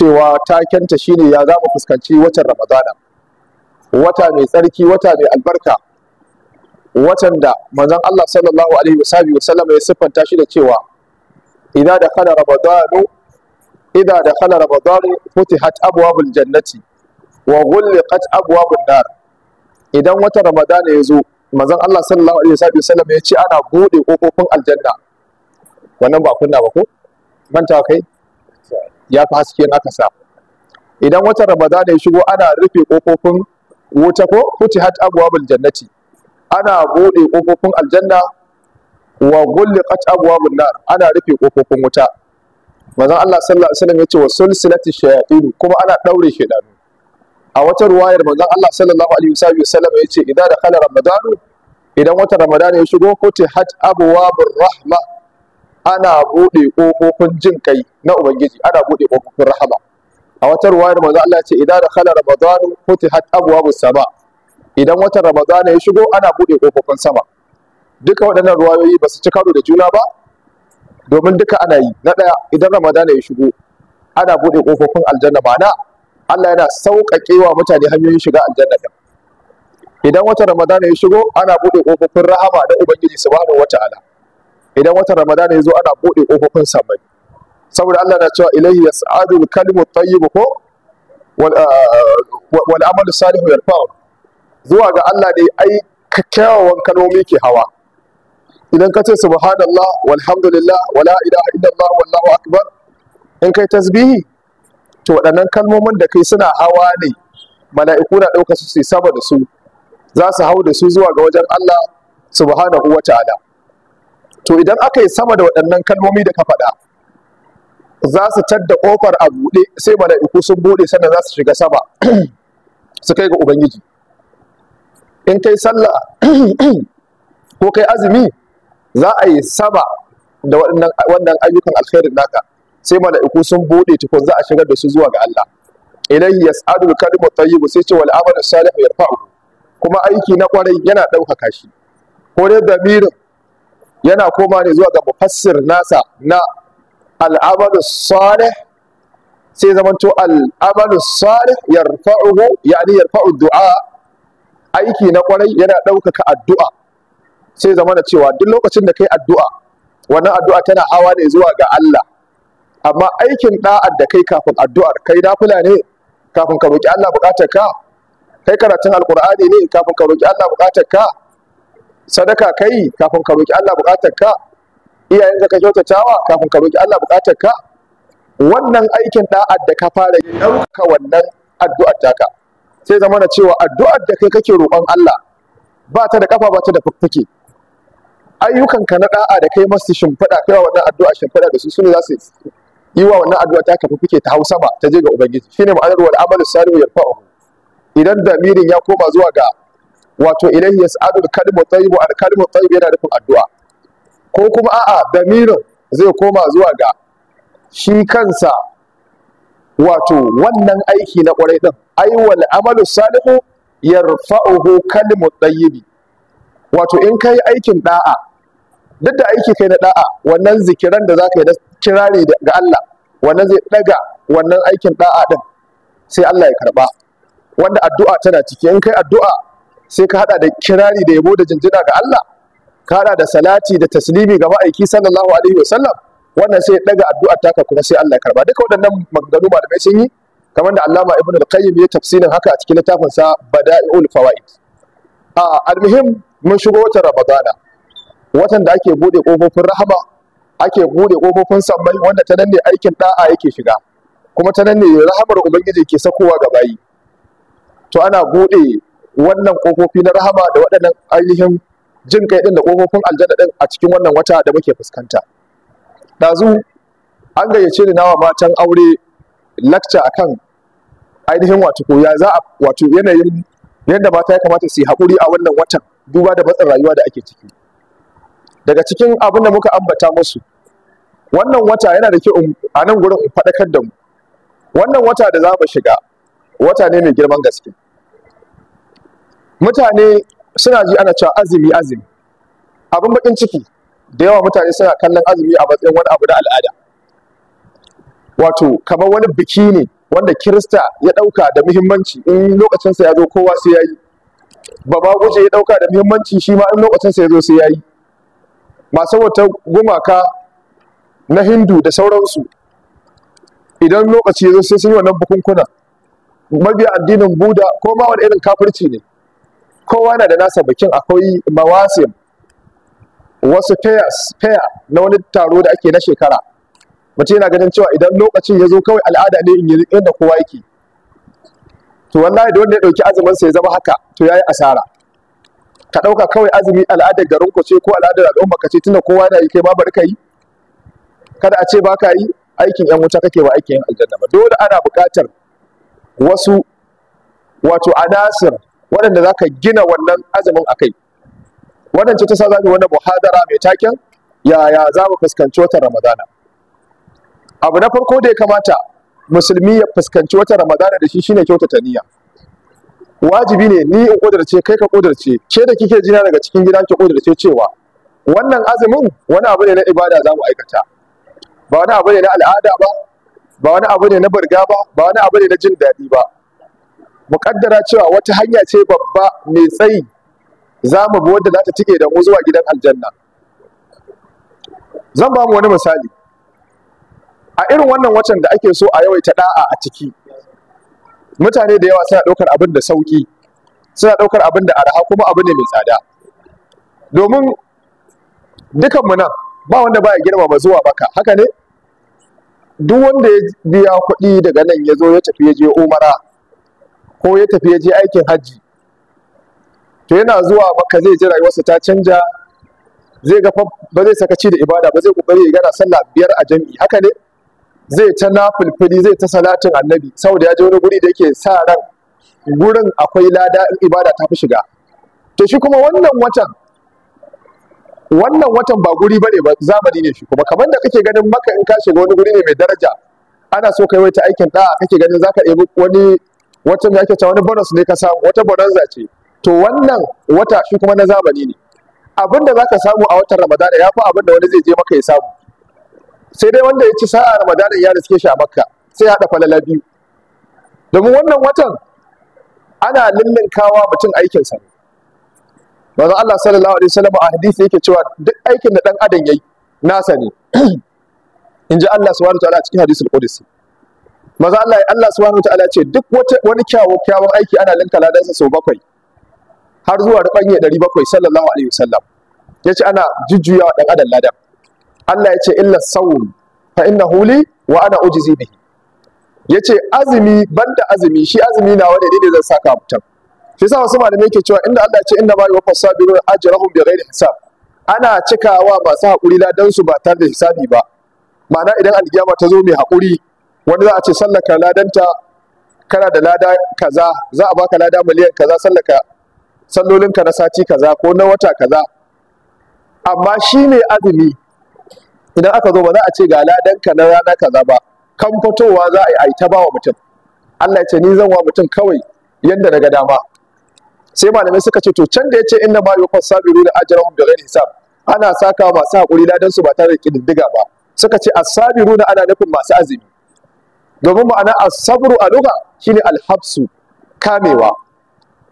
cewa takenta shine ya za mu fuskanci watan ramadana wata mai tsarki wata mai albarka watan da manzon Allah sallallahu alaihi wa sallama ya siffanta shi da cewa idza dakhala ramadanu idza dakhala ramadanu futihat abwabul jannati wa ghulqat abwabun nar idan watan ramadana ya zo manzon Allah sallallahu alaihi sallama ya ce ana bude kofofin aljanna wannan ba kunna ba ko manta kai ya fi haske na aka sa idan watan Ramadana ya shigo ana rufe kofofin wuta ko hat abuwa bil jannati ana bude kofofin aljanna wa abuwa bil nar ana rufe kofofin wuta manzon Allah sallallahu alaihi wasallam yace wa sulsilati shayatin kuma ana daure shedanu a wata ruwayar manzon Allah sallallahu alaihi wasallam yace idan da kala ramadanu idan watan Ramadana ya shigo abuwa bil rahma ana buɗe ƙofofin jin kai na ubangiji ana buɗe ƙofofin rahama a wata da manzo Allah ce idan dakhala ramadanu futihat abwabus sama idan watan ramadan ya shigo ana buɗe ƙofofin sama duka waɗannan ruwayoyi ba su ci karo da juna ba domin duka ana yi na ɗaya idan ramadan ya shigo ana buɗe ƙofofin aljanna ma'ana Allah yana sauƙaƙe wa mutane hanyoyin shiga aljanna ɗin idan watan ramadan ya shigo ana buɗe ƙofofin rahama da ubangiji subhanahu wata'ala idan watan ramadana ya zo ana buɗe ƙofofin samani. saboda Allah na cewa ilahi ya sa'adu kalimu tsayi tayyibu ko wani ah, amalu salihu yarfa'u zuwa ga Allah ne ai kyawawan kalmomi ke hawa idan ka ce subhanallah walhamdulillah wala ilaha illallah wallahu akbar in kai tasbihi to waɗannan kalmomin da kai suna hawa ne mala'iku na ɗauka su sai sama da su za su hau da su zuwa ga wajen Allah subhanahu wa ta'ala to idan aka yi sama da waɗannan kalmomi da ka faɗa za su tadda ƙofar a buɗe sai mala'iku sun buɗe sannan za su shiga sama su kai ga ubangiji in kai sallah ko kai azumi za a yi sama da wannan ayyukan alkhairin naka sai mala'iku sun buɗe tukun za a shigar da su zuwa ga Allah ilayhi yas'adu kalimu tayyibu sai ce wal amalu salihu yarfa'u kuma aiki na kwarai yana ɗaukaka shi ko da damirin yana koma ne zuwa ga mufassir nasa na al'amalu salih sai zamanto al'amalu salih yarfa'uhu yani yarfa'u du'a aiki na kwarai yana ɗaukaka addu'a sai zamana cewa duk lokacin da kai addu'a wannan addu'a tana hawa ne zuwa ga Allah amma aikin da'ar da kai kafin addu'ar kai kula ne kafin ka roki Allah bukatar ka kai karatun Alƙur'ani ne kafin ka roki Allah bukatar ka sadaka kai kafin ka roki Allah bukatar ka iyayen ka kyautatawa kafin ka roki Allah bukatar ka wannan aikin da'ad da ka fara yi dauka wannan addu'ar taka sai zama na cewa addu'ar da kai kake roƙon Allah ba ta da kafa ba ta da fuffuke ayyukan ka na da'a da kai masu shimfiɗa kai wa wannan addu'a shimfiɗa da su ne za su yi wa wannan addu'a kafa fuffuke ta hausa ba ta je ga ubangiji shine ma'anar wal amalu salihu yarfa'u idan damirin ya koma zuwa ga wato ilaihi yas'adul kalimu tayyibu al kalimu tayyibu yana nufin addu'a ko kuma a'a damirin zai koma zuwa ga shi kansa wato wannan aiki na kwarai din ai wal amalu salihu yarfa'uhu kalimu tayyibi wato in kai aikin da'a duk da aiki kai na da'a wannan zikiran da zaka yi na kirari ga Allah wannan zai daga wannan aikin da'a din sai Allah ya karɓa. wanda addu'a tana ciki in kai addu'a sai ka hada da kirari da yabo da jinjina ga Allah ka hada da salati da taslimi ga ma'aiki sallallahu alaihi sallam? wannan sai daga addu'a taka kuma sai Allah ya karba duka waɗannan maganganu malamai sun yi kamar da Allama Ibn al-Qayyim ya tafsirin haka a cikin littafin sa Bada'iul Fawaid a almuhim mun shigo watan Ramadana watan da ake bude kofofin rahama ake bude kofofin sammai wanda ta nan ne aikin da'a yake shiga kuma ta nan ne rahamar ubangiji ke sakowa ga bayi to ana bude wannan kofofi na rahama da waɗannan ainihin jin kai ɗin da kofofin aljanna ɗin a cikin wannan wata da muke fuskanta dazu an gayyace ni nawa matan aure a akan ainihin wato ko ya za a wato yanayin yadda mata ya kamata su yi haƙuri a wannan watan duba da matsin rayuwa da ake ciki daga cikin abin da muka ambata musu wannan wata yana da kyau a nan gurin in faɗakar da mu wannan wata da za mu shiga wata ne mai girman gaske mutane suna ji ana cewa azumi azumi abin bakin ciki da yawa mutane suna kallon azumi a matsayin wani abu na al'ada wato kamar wani biki ne wanda kirista ya ɗauka da muhimmanci in lokacinsa ya zo kowa sai ya yi baba guje ya ɗauka da muhimmanci shi ma in lokacinsa ya zo sai ya yi masu wata gumaka na hindu da sauransu idan lokaci ya zo sai sun yi wannan bukunkuna mabiya addinin buda ko ma wani irin kafirci ne kowa na da nasa bikin akwai mawasim wasu fairs na wani taro da ake na shekara Mace yana ganin cewa idan lokacin ya zo kawai al'ada ne in yi inda kowa yake to wallahi da wanda ya ɗauki azumin sa ya zama haka to ya yi asara ka ɗauka kawai azumi al'adar garin ku ce ko al'adar al'umma ka ce tunda kowa na yi kai ma bari ka yi kada a ce ba ka yi aikin yan wuta kake ba aikin yan aljanna ba dole ana buƙatar wasu wato anasir waɗanda za ka gina wannan azumin a kai wannan ce ta sa zamu wannan muhadara mai taken yaya za mu fuskanci watan ramadana abu na farko da ya kamata musulmi ya fuskanci watan ramadana da shi shine kyautata niyya wajibi ne ni in kudurce kai ka kudurce ke da kike jina daga cikin gida ki kudurce cewa wannan azumin wani abu ne na ibada za mu aikata ba wani abu ne na al'ada ba ba wani abu ne na burga ba ba wani abu ne na jin daɗi ba muƙaddara cewa wata hanya ce babba mai tsayi za mu bi wadda za ta tike da mu zuwa gidan aljanna zan ba mu wani misali a irin wannan watan da ake so a yawaita da'a a ciki mutane da yawa suna ɗaukar abin da sauƙi suna ɗaukar abin da araha kuma abu ne mai tsada domin dukanmu nan ba wanda baya girmama zuwa baka haka ne duk wanda ya biya kuɗi daga nan ya zo ya tafi ya je umara ko ya tafi ya je aikin hajji to yana zuwa maka zai ji rayuwarsa ta canja zai ga ba zai sakaci da ibada ba zai kokari ya gana sallah biyar a jami'i haka ne zai ta nafilfili zai ta salatin annabi saboda ya je wani guri da yake sa ran gurin akwai lada in ibada ta fi shiga to shi kuma wannan watan wannan watan ba guri bane ba zamani ne shi kuma kamar da kake ganin maka in ka shiga wani guri ne mai daraja ana so kai ta aikin da kake ganin zaka ɗebi wani wacce da ake cewa wani bonus ne ka samu wata bonanza ce to wannan wata shi kuma na zamani ne abin da zaka samu a watan ramadana ya fi abin da wani zai je maka ya samu sai dai wanda ya ci sa'a ramadana ya riske shi a makka sai ya haɗa falala biyu domin wannan watan ana kawa mutum aikinsa manzon Allah sallallahu alaihi wasallam a hadisi yake cewa duk aikin da dan adam yayi nasa ne in ji Allah subhanahu wa ta'ala a cikin hadisul qudsi maza Allah ya Allah subhanahu wataala ce duk wata wani kyawo kyawon aiki ana linka ladansa sau bakwai har zuwa rubanye 700 sallallahu alaihi wasallam yace ana jujjuya dan adam ladan Allah yace illa sawm fa innahu li wa ana ujzi bihi yace azumi banda azumi shi azumi na wanda dai zan saka mutum shi sa wasu malamai yake cewa inda Allah yace inna ma yuwaffas sabirun ajrahum ghairi hisab ana cikawa masu haƙuri ladan su ba tare da hisabi ba ma'ana idan aljiyama ta zo mai haƙuri wani za a ce sallaka ladanta kana da lada kaza za a baka lada miliyan kaza sallaka sallolinka na sati kaza ko na wata kaza amma shi ne azumi idan aka zo ba za a ce ga ladanka na rana kaza ba kan fitowa za a yi ta ba wa mutum Allah ya ce ni zan wa mutum kawai yadda ga dama sai malamai suka ce to can da ya ce inna ma yuqas sabiru da ajrahum bi ghairi hisab ana saka masu hakuri ladan su ba tare da kididdiga ba suka ce as-sabiru ana nufin masu azumi domin ma'ana Asabru sabru a lugha shine ne habsu kamewa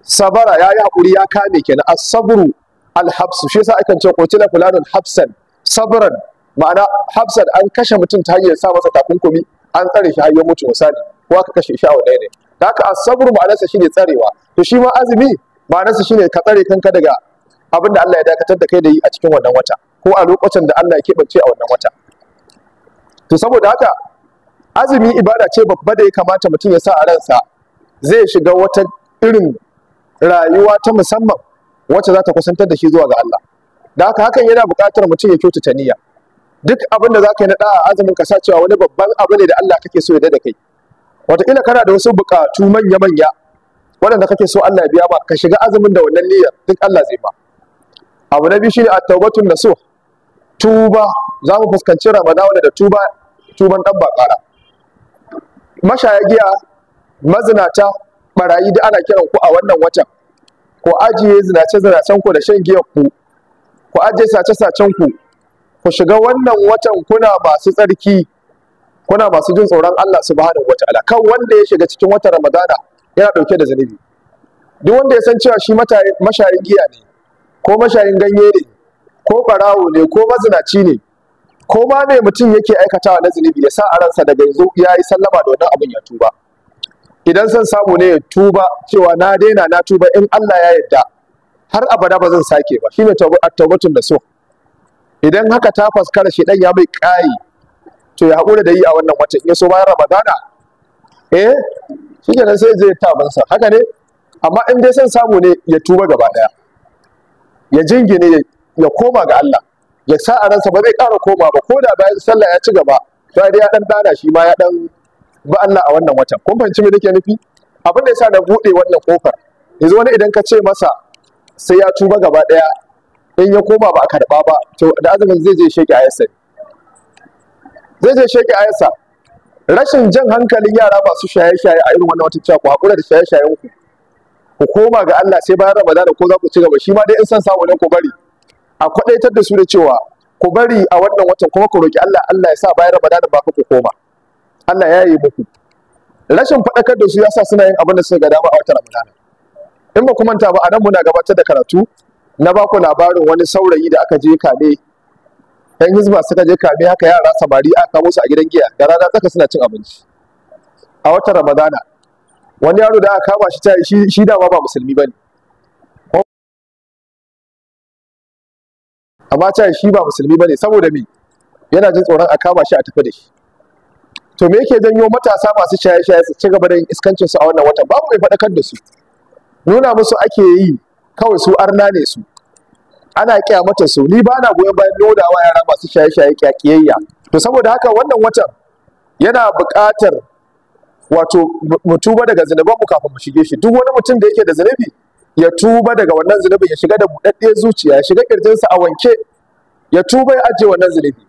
sabara ya yi hakuri ya kame kenan Asabru sabru al shi yasa akan ce qutila fulanin habsan sabran ma'ana habsan an kashe mutum ta hanyar sa masa takunkumi an tsare shi har ya mutu misali ko aka kashe shi a wannan ne da haka a sabru shi shine tsarewa to shi ma azumi ma'anarsa ne ka tsare kanka daga abin da Allah ya dakatar da kai da yi a cikin wannan wata ko a lokacin da Allah ya keɓance a wannan wata to saboda haka azumi ibada ce babba da ya kamata mutum ya sa a ransa zai shiga wata irin rayuwa ta musamman wacce za ta kusantar da shi zuwa ga Allah da haka hakan yana buƙatar mutum ya kyautata niyya duk abin da za ka yi na da'a azumin ka sa cewa wani babban abu ne da Allah kake so ya da kai wataƙila kana da wasu buƙatu manya-manya waɗanda kake so Allah ya biya ba ka shiga azumin da wannan niyyar duk Allah zai ba abu na biyu shine at-taubatun nasuh tuba za mu fuskanci ramadana da tuba tuban dan ba ƙara mashaya giya mazinata barayi da ana kiran ku a wannan watan ku ajiye zinace zinacen ku da shan giyar ku ku ajiye sace sacen ku ku shiga wannan watan kuna masu tsarki kuna masu jin tsoron Allah subhanahu wataala kan wanda ya shiga cikin watan Ramadana yana dauke da zunubi duk wanda ya san cewa shi mashayin giya ne ko mashayin ganye ne ko barawo ne ko mazinaci ne ko ma me mutum yake aikatawa na zunubi ya sa a ransa daga yanzu ya yi sallama da wannan abin ya tuba idan zan samu ne ya tuba cewa na daina na tuba in Allah ya yarda har abada ba zan sake ba shine tawbatun da so idan haka ta faskara shi dan ya mai kai to ya hakura da yi a wannan in ya so bayan ramadana eh shikenan sai zai tabar sa haka ne amma in dai san samu ne ya tuba gaba daya ya jingine ya koma ga Allah ya sa a ransa ba zai ƙara koma ba ko da bayan sallah ya ci gaba to dai ya dan dana shi ma ya dan ba Allah a wannan watan kun fahimci me nake nufi abin da yasa na bude wannan kofar yanzu wani idan ka ce masa sai ya tuba gaba daya in ya koma ba a karba ba to da azumin zai je sheki ayarsa zai je sheki ayarsa rashin jan hankalin yara masu shaye-shaye a irin wannan watan cewa ku hakura da shaye-shayen ku ku koma ga Allah sai bayan Ramadan ko za ku ci gaba shi ma dai in san samu ne ku bari a kwadaitar da su da cewa ku bari a wannan watan kuma ku roki Allah Allah ya sa bayan da ba ku koma Allah ya yi muku rashin faɗakar da su yasa suna yin abin da suka ga dama a watan Ramadan in ba ku manta ba a nan muna gabatar da karatu na ba ku labarin wani saurayi da aka je kame yan hizba suka je kame haka yara samari aka kamo su a gidan giya da rana tsaka suna cin abinci a watan Ramadana wani yaro da aka kama shi ta shi dama ba musulmi bane amma ta shi ba musulmi bane saboda me yana jin tsoron a kama shi a tafi da shi to me yake janyo matasa masu shaye-shaye su ci gaba da yin iskancin su a wannan watan babu mai faɗakar da su nuna musu ake yi kawai su arna ne su ana mata su ni ba na goyon bayan lodawa yara masu shaye-shaye kiyayya to saboda haka wannan watan yana buƙatar wato mutuba daga zunubanmu kafin mu shige shi duk wani mutum da yake da zunubi ya tuba daga wannan zunubi ya shiga da buɗaɗɗiyar zuciya ya shiga ƙirjinsa a wanke ya tuba ya ajiye wannan zunubi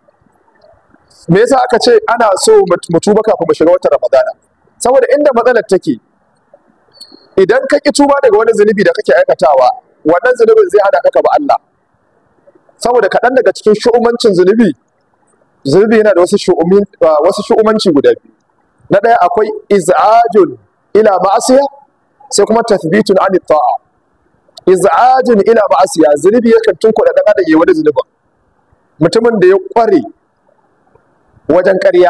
me yasa aka ce ana so mu tuba kafin mu shiga watan ramadana saboda inda matsalar take idan ka ki tuba daga wani zunubi da kake aikatawa wannan zunubin zai hada ka ba Allah saboda kaɗan daga cikin shu'umancin zunubi zunubi yana da wasu shu'umi ah, wasu shu'umanci guda biyu na ɗaya akwai iz'ajun ila ma'asiya sai kuma tathbitun an ta'a iz'ajin ila Asiya, zunubi yakan kuɗa ɗan da yi wani zunubin mutumin da ya ƙware wajen ƙarya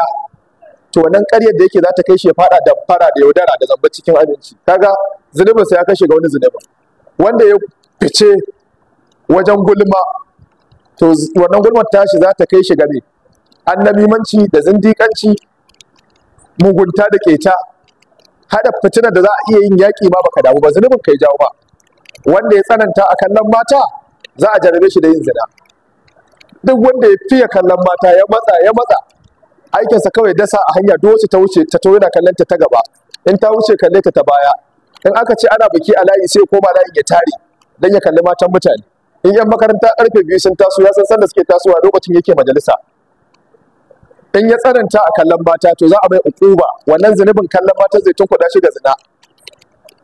to wannan ƙaryar da yake za ta kai shi ya faɗa da fara da yaudara da zamba cikin aminci kaga zunubin sa ya kashe ga wani zunubin wanda ya fice wajen gulma to wannan gulmar tashi za ta kai shi ga me annamimanci da zindikanci, mugunta da keta hada fitinar da za a iya yin yaƙi ma baka damu ba zunubin kai jawo ba wanda ya tsananta a kallon mata za a jarabe shi da yin zina duk wanda ya fiye kallon mata ya matsa ya matsa aikinsa kawai dasa a hanya duk wacce ta wuce ta tauna kallon ta ta gaba in ta wuce kalle ta ta baya in aka ce ana biki a layi sai koma layin ya tare dan ya kalli matan mutane in yan makaranta karfe biyu sun taso ya san sanda suke tasowa lokacin yake majalisa in ya tsananta a kallon mata to za a mai ukuba wannan zunubin kallon mata zai tunkuɗa shi da zina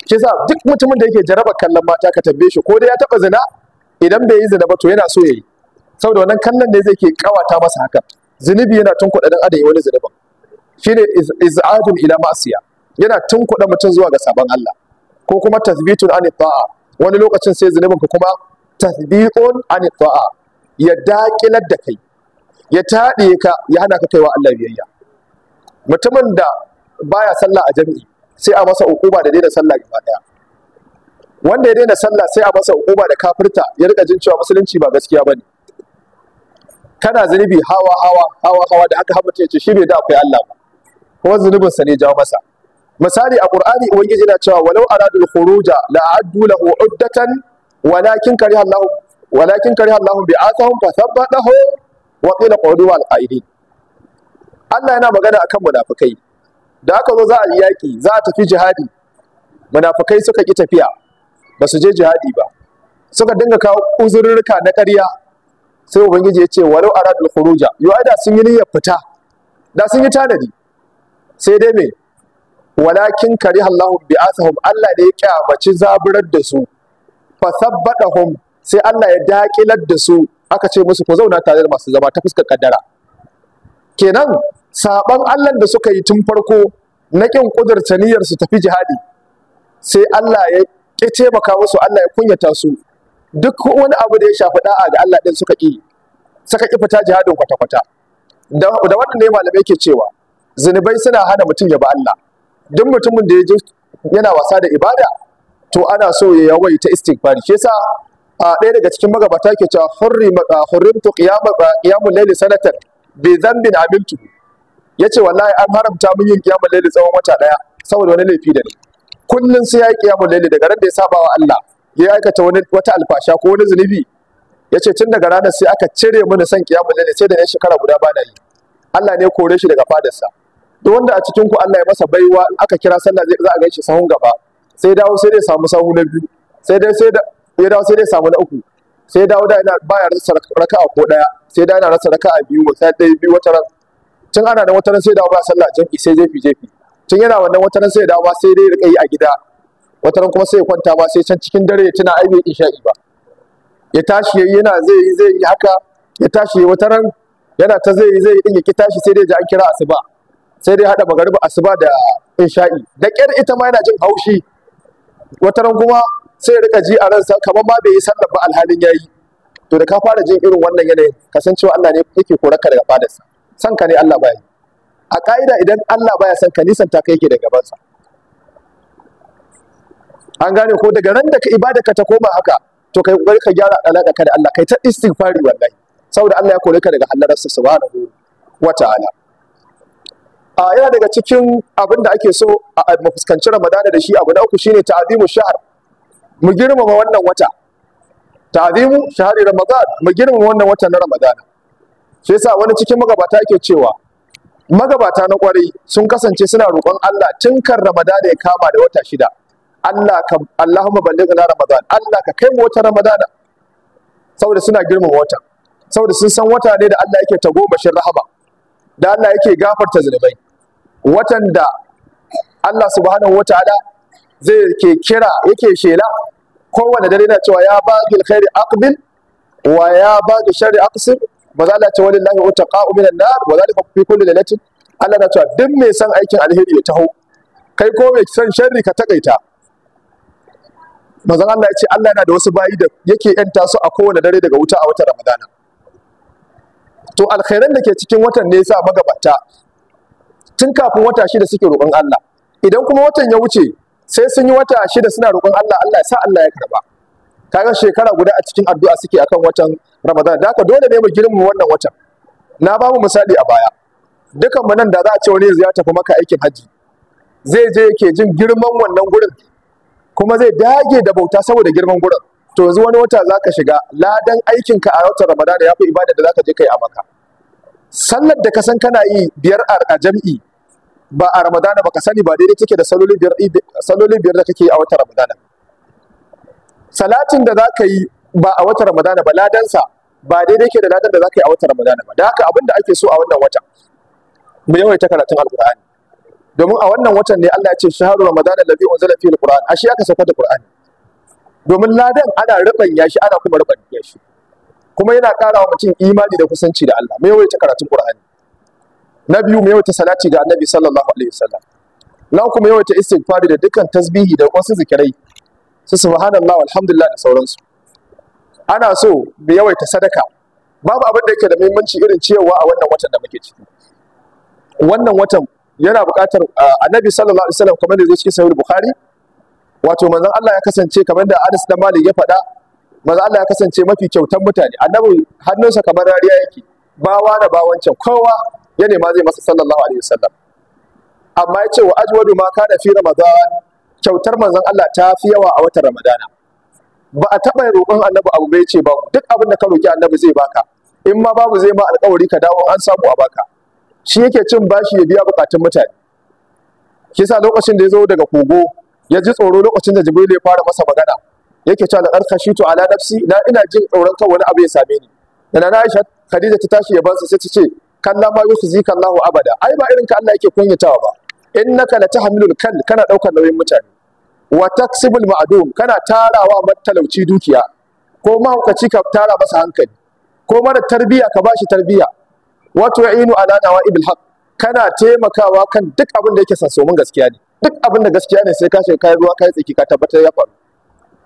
shi sa duk mutumin da yake jaraba kallon mata ka tambaye shi ko dai ya taba zina idan bai yi zina ba to yana so yayi saboda wannan kallon ne zai ke kawata masa haka zunubi yana tunkuɗa dan adam wani zunubin shine iz'adun ila ma'siya yana tunkuɗa mutum zuwa ga sabon Allah ko kuma tasbitun an ta'a wani lokacin sai zunubin ka kuma tathbitun an ta'a ya daƙilar da kai ya taɗe ka ya hana ka kaiwa Allah biyayya mutumin da baya sallah a jami'i sai a masa ukuba da daina sallah gaba daya wanda ya daina sallah sai a masa ukuba da kafirta ya rika jin cewa musulunci ba gaskiya bane kana zunubi hawa hawa hawa hawa da aka haɓa ya ce shi bai da akwai Allah ba kuma zunubin sa ne jawo masa misali a qur'ani ubangiji yana cewa walau aradul khuruja la addu lahu uddatan walakin kariha Allah walakin kariha Allah atahum fa thabbatahu wa qila qawlu wal qaidin Allah yana magana akan munafikai da aka zo za a yi yaƙi za a tafi jihadi munafukai suka ƙi tafiya ba su je jihadi ba suka dinga kawo uzurruka na ƙarya sai ubangiji ya ce walau aradul khuruja yau da sun yi niyyar fita da sun yi tanadi sai dai me walakin kariha Allahu asahum Allah da ya kyamaci zaburar da su fa sabbadahum sai Allah ya daƙilar da su aka ce musu ku zauna tare da masu zama ta fuskar kaddara kenan saban Allah da suka yi tun farko na kin kudurta niyyar su tafi jihadi sai Allah ya ƙi taimaka musu Allah ya kunyata su duk wani abu da ya shafi da'a ga Allah din suka ki suka ki fita jihadin kwata kwata da wannan ne malamai ke cewa zinubai suna hana mutum ya ba Allah duk mutumin da ya ji yana wasa da ibada to ana so ya yawaita istighfar shi yasa a ɗaya daga cikin magabata ke cewa hurrimtu qiyamul layli sanatan Bai bi zambin Ya ce, wallahi an haramta min yin kiyamun laili tsawon wata daya saboda wani laifi da ni Kullum sai ya yi kiyamun laili daga ran da ya saba wa Allah ya aikata wani wata alfasha ko wani zunubi Ya ce tun daga ranar sai aka cire mini son kiyamun laili sai da ya shekara guda bana yi Allah ne ya kore shi daga fadarsa duk wanda a cikin ku Allah ya masa baiwa aka kira sallah za a gaishe sahun gaba sai dawo sai dai samu sahu na biyu sai dai sai ya dawo sai dai samu na uku sai dawo da ina baya rasa raka'a ko daya sai da yana rasa raka'a biyu Sai dai biyu wata ran tun ana da wata ran sai dawo ba sallah jam'i sai jefi jefi tun yana wannan wata ran sai dawo ba sai dai rika yi a gida wata ran kuma sai kwanta ba sai can cikin dare ya tuna ai bai isha'i ba ya tashi yayi yana zai yi zai yi haka ya tashi wata ran yana ta zai yi zai yi din ya tashi sai dai ji an kira asuba sai dai hada magariba asuba da isha'i da ƙyar ita ma yana jin haushi wata ran kuma sai ya rika ji a ransa kamar ma bai yi sallar ba alhalin yayi to da ka fara jin irin wannan yanayin kasancewa Allah ne yake ka daga fadarsa san ka ne Allah baya a ka'ida idan Allah baya san ka nisan ta kai yake daga gabansa an gane ko daga ran da ka ibada ka ta koma haka to kai kokari ka gyara alaka ka da Allah kai ta istighfari wallahi saboda Allah ya kore ka daga hallararsa subhanahu wa ta'ala a yana daga cikin abin da ake so a mafuskanci Ramadana da shi abu na uku shine ta'azimu shahr mu girmama wannan wata ta'zimu shahri ramadan mu girmama wannan wata na ramadana shi yasa wani cikin magabata yake cewa magabata na kwarai sun kasance suna roƙon Allah tun kan ramadana ya kama da wata shida Allah ka Allahumma ballighna ramadan Allah ka kai mu wata ramadana saboda suna girmama wata saboda sun san wata ne da Allah yake tagomashin Rahaba, da Allah yake gafarta zunubai watan da Allah subhanahu wataala zai ke kira yake shela kowane dare na cewa ya ba gil khairi aqbil wa ya ba gil sharri aqsir ba za la tawalli lahi wa taqa'u minan nar wa zalika fi kulli lailatin Allah na cewa duk mai san aikin alheri ya taho kai ko mai san sharri ka takaita bazan Allah ya ce Allah yana da wasu bayi da yake yanta su a kowane dare daga wuta a watan Ramadana to alkhairan da ke cikin watan ne yasa magabata tun kafin wata shida suke roƙon Allah idan kuma watan ya wuce sai sun yi wata shida suna roƙon Allah Allah ya sa Allah ya karba kaga shekara guda a cikin addu'a suke akan watan Ramadan da haka dole ne mu girmu wannan watan na ba mu misali a baya dukan mu nan da za a ce wani ya tafi maka aikin haji zai je yake jin girman wannan gurin kuma zai dage da bauta saboda girman gurin to yanzu wani wata zaka shiga ladan aikin ka a watan Ramadan ya fi ibada da zaka je kai a maka sallar da ka san kana yi biyar a jami'i ba a ramadana ba ka sani ba daidai take da salolin biyar da kake yi a wata ramadana salatin da za ka yi ba a wata ramadana ba ladansa ba daidai ke da ladan da za ka yi a wata ramadana ba da haka abin da ake so a wannan watan mu yawaita karatun alkur'ani domin a wannan watan ne Allah ya ce shaharu ramadana lafi wanzu fihi alquran a shi aka sauka da qur'ani domin ladan ana rubanya shi ana kuma rubanya shi kuma yana ƙara wa mutum imani da kusanci da Allah mu yawaita karatun qur'ani na biyu mai yawaita salati ga annabi sallallahu alaihi wasallam na uku mai yawaita istighfari da dukkan tasbihi da wasu zikirai su subhanallahi walhamdulillah da sauransu ana so mu yawaita sadaka babu abin da yake da muhimmanci irin cewa a wannan watan da muke ciki wannan watan yana buƙatar ah, annabi sallallahu alaihi wasallam kamar da zai cikin sahih bukhari wato manzon Allah ya kasance kamar da Anas dan Malik ya faɗa manzon Allah ya kasance mafi kyautan mutane annabi hannunsa kamar rariya yake bawa da bawancan kowa ya nema zai masa sallallahu alaihi wasallam amma ya ce wa ajwadu ma kana fi ramadan kyautar manzon Allah ta fi yawa a watan ramadana ba a taɓa roƙon annabi abu bai ce ba duk abin da ka roƙi annabi zai baka in ma babu zai ma alƙawari ka dawo an samu a baka shi yake cin bashi ya biya bukatun mutane kisa lokacin da ya zo daga kogo ya ji tsoro lokacin da jibril ya fara masa magana yake cewa la arkashitu ala nafsi na ina jin tsoron kan wani abu ya same ni da na Aisha Khadija ta tashi ya bansa sai ta ce kallama yusuzika Allahu abada ai ba irin ka Allah yake kunyatawa ba innaka latahmilul kal kana daukar nauyin mutane wa taksibul ma'dum kana tarawa matalauci dukiya ko mahaukaci ka tara masa hankali ko mara tarbiya ka bashi tarbiya Wato tu'inu ala nawa'ibil haqq kana taimakawa kan duk abin da yake sansomin gaskiya ne duk abin da gaskiya ne sai ka shiga kayan ruwa kayan tsaki ka tabbatar ya faru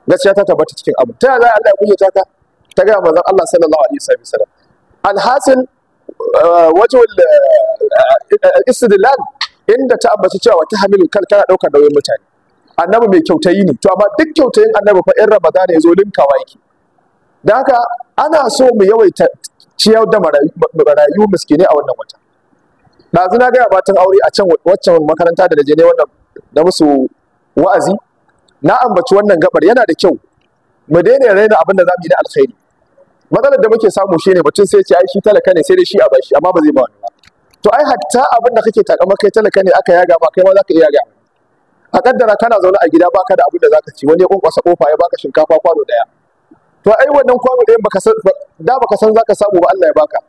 gaskiya ta tabbata cikin abu ta yaya Allah ya kunyata ka ta ga manzon Allah sallallahu alaihi wasallam alhasil wajen istidlal inda ta ambaci cewa ta hamilin kan kana ɗaukar nauyin mutane annabi mai kyautayi ne to amma duk kyautayin annabi fa in ramadan ya zo wa yake da haka ana so mu yawaita ciyar da marayu miskinai a wannan wata ɗazu na gaya matan aure a can waccan makaranta da je ne wannan na musu wa'azi na ambaci wannan gabar yana da kyau mu daina raina abin da za mu yi na alkhairi matsalar da muke samu shine mutum sai ce ai shi talaka ne sai dai shi a bashi amma ba zai ba wani to ai hatta abin da kake takama kai talaka ne aka yaga ba kai ma zaka iya yaga a kaddara kana zaune a gida baka da abin da zaka ci wani ya kunkwasa kofa ya baka shinkafa kwano daya to ai wannan kwano ɗayan baka san da baka san zaka samu ba Allah ya baka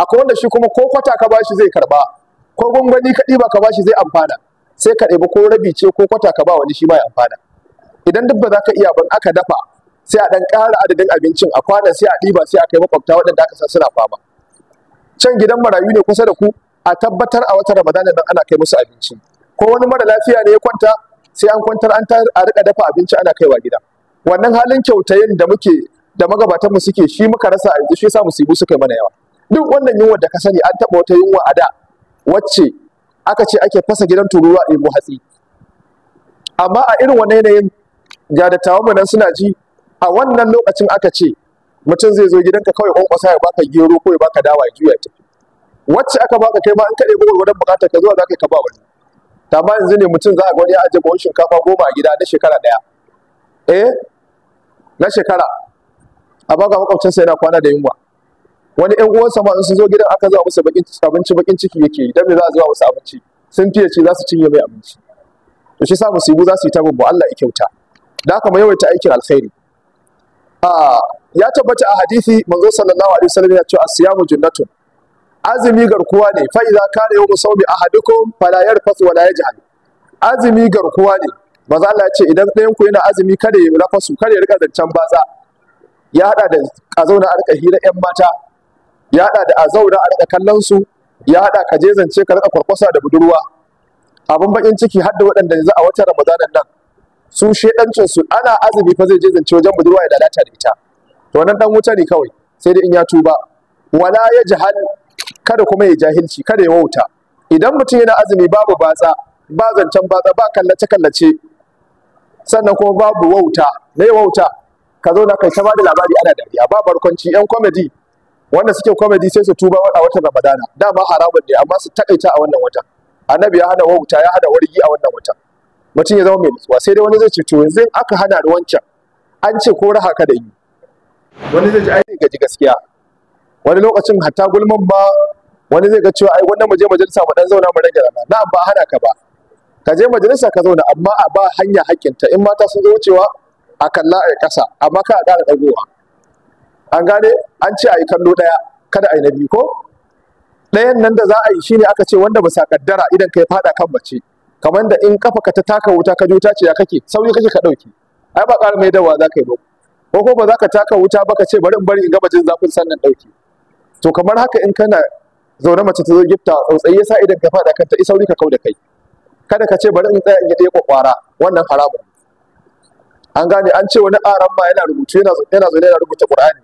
akwai wanda shi kuma ko kwata ka bashi zai karba ko gwangwani ka ɗiba ka bashi zai amfana sai ka ɗebi ko rabi ce ko kwata ka ba wani shi ma ya amfana idan duk ba zaka iya ban aka dafa sai a dan ƙara adadin abincin a kwana sai a ɗiba sai a kai makwabta waɗanda aka san suna fama can gidan marayu ne kusa da ku a tabbatar a wata ramadana nan ana kai musu abinci ko wani mara lafiya ne ya kwanta sai an kwantar an a rika dafa abinci ana kaiwa gida wannan halin kyautayin da muke da magabatan mu suke shi muka rasa a yanzu shi yasa musibu suka yi mana yawa duk wannan yunwa da ka sani an taɓa wata yunwa a da wacce aka ce ake fasa gidan turuwa a mu hatsi amma a irin wannan yanayin ga dattawan mu nan suna ji a wannan lokacin aka ce mutum zai zo gidanka kawai kwankwasa ya baka gero ko ya baka dawa ya juya ta wacce aka baka kai ma an kaɗe gobe wadon bukata ka zuwa za ka ka ba wani ta ma yanzu ne mutum za a ga wani ya ajiye buhun shinkafa goma a gida na shekara ɗaya eh na shekara a baka makwabcinsa yana kwana da yunwa wani ƴan uwansa ma in sun zo gidan aka zuwa musu abinci bakin ciki yake yi dan me za a zuwa musu abinci sun fiye ce za su cinye mai abinci to shi sa musibu za su yi ta babu Allah ya kyauta da haka mai yawaita aikin alkhairi Ah, ya tabbata a hadisi manzo sallallahu alaihi wasallam ya ce asiyamu jinnatun azumi garkuwa ne fa idza kana yawmu sawmi ahadukum fala yarfas wala yajhal azumi garkuwa ne manzo Allah ya ce idan ɗayan ku yana azumi kada ya rafasu kada ya rika zancen batsa ya hada da a a hira yan mata ya hada da a zauna kallon su ya hada ka je zance ka rika kwarkwasa da budurwa abun bakin ciki har da waɗanda yanzu a watan Ramadanan nan su shedancin su ana azumi fa zai je zance wajen budurwa ya dalata da ita to wannan dan wuta ne kawai sai dai in ya tuba wala ya jahal kada kuma ya jahilci kada ya wauta idan mutum yana azumi babu batsa ba zancen batsa ba kallace kallace sannan kuma babu wauta ne wauta ka zo na kai ta bada labari ana dariya ba barkwanci yan comedy wanda suke comedy sai su tuba a watan ramadana dama haramun ne amma su takaita a wannan watan annabi ya hana wauta ya hana wargi a wannan watan mutum ya zama mai nutsuwa sai dai wani zai ce to yanzu aka hana da wancan an ce ko raha ka da yi wani zai ji ai gaji gaskiya wani lokacin hatta gulman ba wani zai ga cewa ai wannan muje majalisa mu dan zauna mu rage rana na'am ba hana ka ba ka je majalisa ka zauna amma a ba hanya hakinta in mata sun zo wucewa a kalla a kasa amma ka a ƙara ɗagowa an gane an ce a yi kallo ɗaya kada a yi na biyu ko ɗayan nan da za a yi shine aka ce wanda ba sa kaddara idan ka ya faɗa kan mace kamar da in kafa ka ta taka wuta ka wuta ce ya kake sauri kake ka dauki ai ba ƙara mai dawa zaka yi ba ko ko ba za ka taka wuta ba ka ce bari in bari in gaba jin zafin sannan dauki to kamar haka in kana zaune mace ta zo gifta tsautsayi yasa idan ka faɗa kanta isauri ka kau da kai kada ka ce bari in tsaya in yi ɗaya kwakwara wannan haramun an gane an ce wani aran ma yana rubutu yana yana zo yana rubuta qur'ani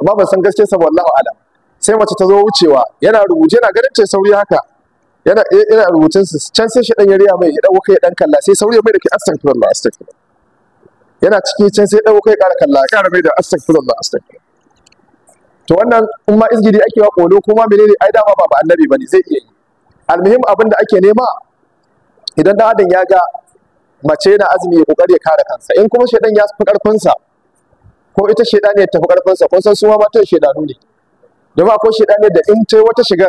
amma ban san saboda wallahu alam sai mace ta zo wucewa yana rubuce yana ganin ce sauri haka yana eh, yana rubutun su can sai shi dan ya riya mai ya dawo kai dan kalla sai sauri mai da ke astagfirullah astagfirullah yana ciki can sai dawo kai kara kalla kara mai da astagfirullah astagfirullah to wannan in ma izgidi ake wa kolo kuma menene ai dama ba ba annabi bane zai iya yi almuhim abin da ake nema idan dan adam ya ga mace na azumi ya kokari ya kare kansa in kuma shedan ya fi karfin sa ko ita shedan ne ta fi karfin sa san su ma matan shedanu ne domin akwai shedan ne da in tai wata shigar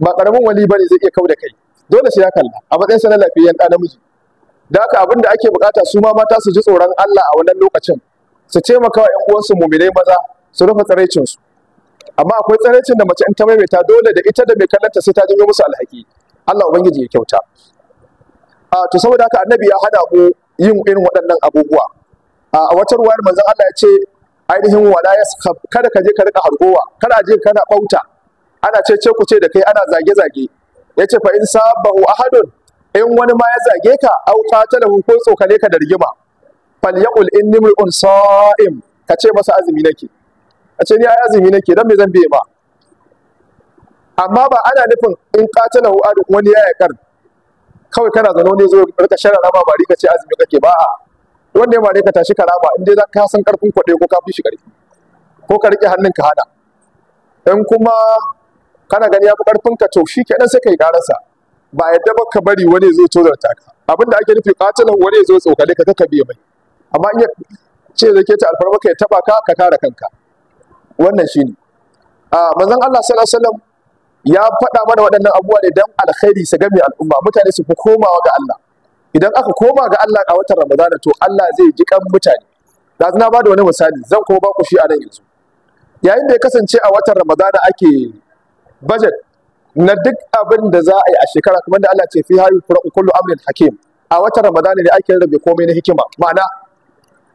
ba karamin wali bane zai iya kau da kai dole sai ya kalla a matsayin sa na lafiyan da namiji da haka abin da ake bukata su ma mata su ji tsoron Allah a wannan lokacin su taimaka wa ƴan uwansu muminai maza su rufe tsaraicin su amma akwai tsaraicin da mace in ta maimaita dole da ita da mai kallanta sai ta janyo musu alhaki Allah ubangiji ya kyauta a to saboda haka annabi ya hada mu yin irin waɗannan abubuwa a wata ruwayar manzon Allah ya ce ainihin wala ya kada ka je ka rika harkowa kada je kana bauta ana ce ce ku ce da kai ana zage zage yace fa in sabahu ahadun in wani ma ya zage ka aw qatalahu ko tsokale ka da rigima Fal yaqul inni mu'un sa'im ka ce masa azumi nake a ce ni ai azumi nake dan me zan biye ba amma ba ana nufin in qatalahu ahadun wani ya yakar kawai kana zano ne zo ka sharara ma bari ka ce azumi kake ba a wanda ya mare ka tashi raba? in dai za ka san karfin kwaɗe ko ka fi shi ƙarfi ko ka riƙe hannun ka hana in kuma kana gani ya fi ƙarfinka ka to shi kenan sai kai ƙararsa. ba yadda ba ka bari wani ya zo tozarta ka abinda ake nufi qatalahu wani ya zo ka kaka biye mai amma in ya ce zai ke ta alfarma ka ya taɓa ka ka kare kanka wannan shi ne. manzon Allah sallallahu alaihi ya faɗa mana waɗannan abubuwa ne don alkhairi su game al'umma mutane su fi komawa ga Allah idan aka koma ga Allah a watan Ramadana to Allah zai ji kan mutane da na bada wani misali zan kuma ba ku shi a nan yanzu yayin da ya kasance a watan Ramadana ake budget na duk abin da za a yi a shekara kuma da Allah ce fi hayu fura'u kullu amrin hakim a watan ramadana ne ake rabe komai na hikima ma'ana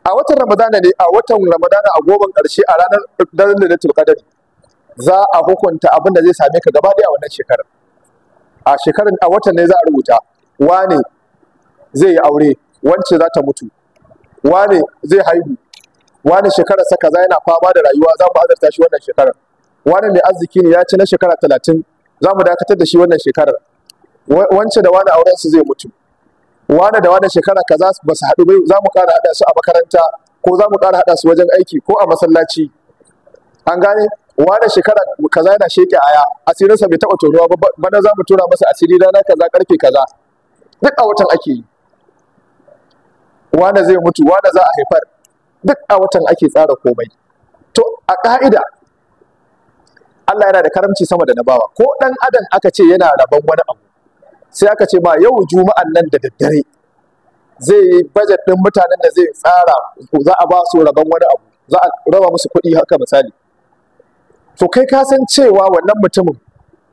a watan ramadana ne a watan ramadana a goban karshe a ranar da tilka qadr za a hukunta abin da zai same ka gaba daya wannan shekarar a shekarar a watan ne za a rubuta wane zai yi aure wance za ta mutu wane zai haihu wane shekarar sa za yana fama da rayuwa za mu azarta shi wannan shekarar wani mai arziki ne ya ci na shekara talatin za mu dakatar da shi wannan shekarar wance da wani auren su zai mutu wani da wani shekara kaza ba su haɗu bai za mu ƙara haɗa su a makaranta ko za mu ƙara haɗa su wajen aiki ko a masallaci an gane wani shekara kaza yana sheƙe aya asirinsa bai taɓa tonuwa ba bana za mu tura masa asiri rana kaza ƙarfe kaza duk a watan ake yi wani zai mutu wani za a haifar duk a watan ake tsara komai to a ƙa'ida Allah yana da karamci sama da na bawa ko dan adam aka ce yana rabon wani abu sai aka ce ma yau juma'an nan da daddare zai yi budget din mutanen da zai tsara za a ba su rabon wani abu za a raba musu kuɗi haka misali to kai ka san cewa wannan mutumin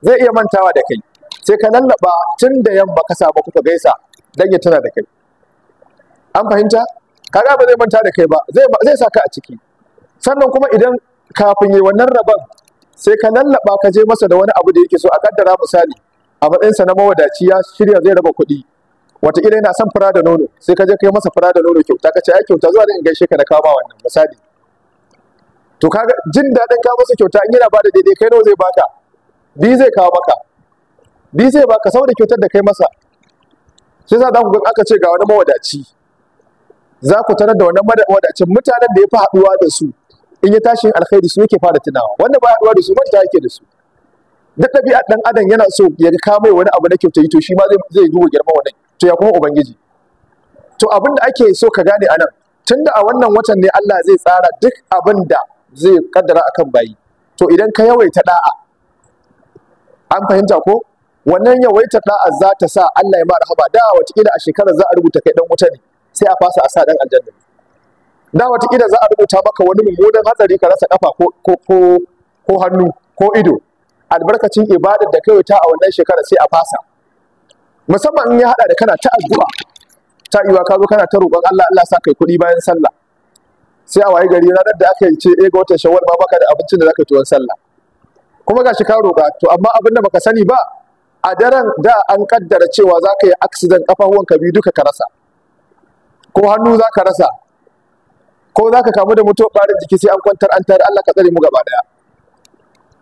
zai iya mantawa da kai sai ka lallaba tun da yamma ka samu kuka gaisa dan ya tana da kai an fahimta kaga ba zai manta da kai ba zai sa ka a ciki sannan kuma idan kafin yi wannan rabon sai ka lallaba ka je masa da wani abu da yake so a kaddara misali a matsayinsa na mawadaci ya shirya zai raba kuɗi wataƙila yana son fura da nono sai ka je kai masa fura da nono kyauta ka ce ai kyauta zuwa in gaishe ka na kama wannan misali to kaga jin daɗin ka masa kyauta in yana bada daidai kai nawa zai baka bi zai kawo maka bi zai baka saboda kyautar da kai masa sai za ku ga aka ce ga wani mawadaci za ku tarar da wannan mawadacin mutanen da ya fi haɗuwa da su in ya tashin alkhairi su yake fara tunawa wanda ba haɗuwa da su manta yake da su duk ɗabi'a ɗan adam yana so ya ga wani abu na kyautayi to shi ma zai duba girma wannan to ya kuma ubangiji to abin da ake so ka gane anan tunda a wannan watan ne Allah zai tsara duk abin da zai kaddara akan bayi to idan ka yawaita da'a an fahimta ko wannan yawaita da'a za ta sa Allah ya ma rahaba, da wata kila a shekarar za a rubuta kai dan wuta ne sai a fasa a sa dan aljanna da wata ida za a rubuta maka wani mummunan hatsari ka rasa kafa ko hannu ko ido albarkacin ibadar da kai ta a wannan shekara sai a fasa musamman in ya hada da kana ta addu'a ta iwa ka zo kana ta roƙon Allah Allah sa kai kuɗi bayan sallah sai a waye gari ranar da aka yi ce eh ga watan shawwal ma baka da abincin da zaka yi tuwon sallah kuma gashi ka roƙa to amma abin da baka sani ba a daren da an kaddara cewa zaka yi accident kafafuwan ka biyu duka ka rasa ko hannu zaka rasa ko za ka kamu da mutuwar ɓarin jiki sai an kwantar an tare Allah ka tsare mu gaba ɗaya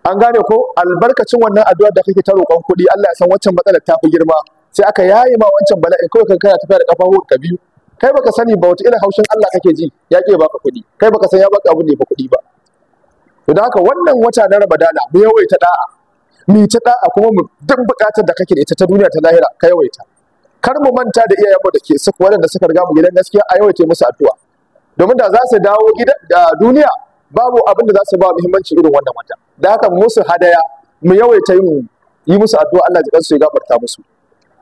an gane ko albarkacin wannan addua da kake ta roƙon kuɗi Allah ya san waccan matsalar ta fi girma sai aka yayi ma wancan bala'in kawai kan kana tafiya da ƙafafuwan ka biyu kai baka sani ba wata irin haushin Allah kake ji ya ke baka kuɗi kai baka san ya baka abin da ya kuɗi ba to da haka wannan wata na Ramadana mu yawaita da'a mu ta da'a kuma mu duk buƙatar da kake da ita ta duniya ta lahira ka yawaita kar mu manta da iyayenmu da ke suka waɗanda suka riga mu gidan gaskiya a yawaita musu addu'a domin da za su dawo gida da duniya babu abin da za su ba muhimmanci irin wannan wata da haka mu musu hadaya mu yawaita yin yi musu addu'a Allah ya su ya gafarta musu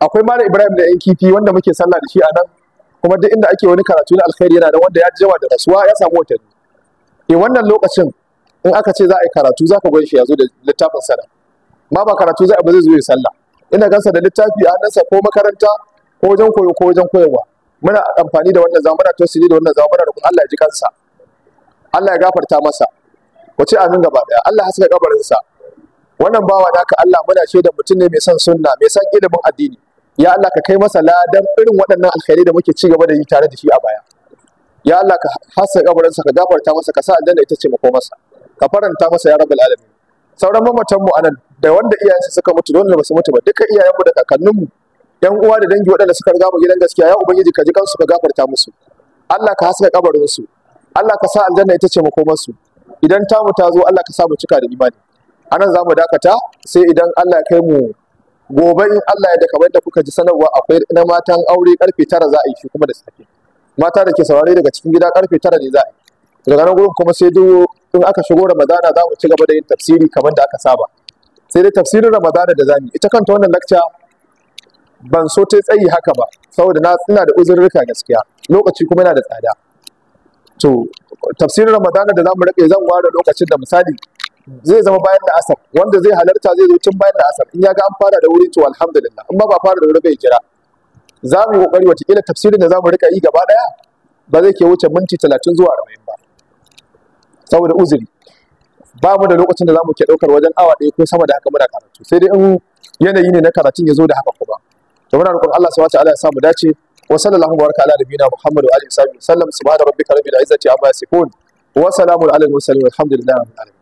akwai malam Ibrahim da yan kifi wanda muke sallah da shi a nan kuma duk inda ake wani karatu na alkhairi yana da wanda ya jawa da rasuwa ya samu watanni eh wannan lokacin in aka ce za a yi karatu za ka gwan shi ya zo da littafin sana ma ba karatu za a ba zai zo ya sallah ina gansa da littafi a hannunsa ko makaranta ko wajen koyo ko wajen koyarwa muna amfani da wannan zama muna tosili da wannan zama muna roƙon Allah ya ji kansa Allah ya gafarta masa wace amin gaba daya Allah haska kabarinsa wannan bawa naka Allah muna shaidar mutum ne mai son sunna mai son ilimin addini ya Allah ka kai masa ladan irin waɗannan alkhairai da muke ci gaba da yi tare da shi a baya ya Allah ka haska kabarinsa ka gafarta masa ka sa aljanna ita ce mako masa ka faranta masa ya rabbal alamin sauran mamatan mu anan da wanda iyayensa suka mutu don ba su mutu ba duka iyayenmu da kakanninmu yan uwa da dangi waɗanda suka riga mu gidan gaskiya ya ubangiji ka ji kansu ka gafarta musu Allah ka haska kabarin su Allah ka sa aljanna ita ce makomar su idan tamu ta zo Allah ka sa mu cika da imani anan za mu dakata sai idan Allah ya kai mu gobe in Allah ya da kamar da kuka ji sanarwa akwai na matan aure karfe tara za a yi shi kuma da safe mata da ke saurare daga cikin gida karfe tara ne za a yi daga nan gurin kuma sai duk in aka shigo ramadana za mu ci gaba da yin tafsiri kamar da aka saba sai dai tafsirin ramadana da zamu ita kanta wannan lecture ban so ta tsayi haka ba saboda na ina da rika gaskiya lokaci kuma yana da tsada to tafsirin ramadana da zamu rike zan ware lokacin da misali zai zama bayan da asar wanda zai halarta zai zo tun bayan da asar in ya ga an fara da wuri to alhamdulillah in ba ba fara da wuri bai jira za mu yi kokari tafsirin da zamu rika yi gaba daya ba zai ke wuce minti talatin zuwa arba'in ba saboda uzuri ba mu da lokacin da zamu mu ke ɗaukar wajen awa ɗaya ko sama da haka muna karatu sai dai in yanayi ne na karatun ya zo da haka kuma to muna roƙon Allah subhanahu ya sa mu dace wa sallallahu baraka ala nabiyina Muhammad wa alihi wa sahbihi sallam subhana rabbika rabbil izzati amma yasifun wa salamun alal mursalin walhamdulillahi rabbil alamin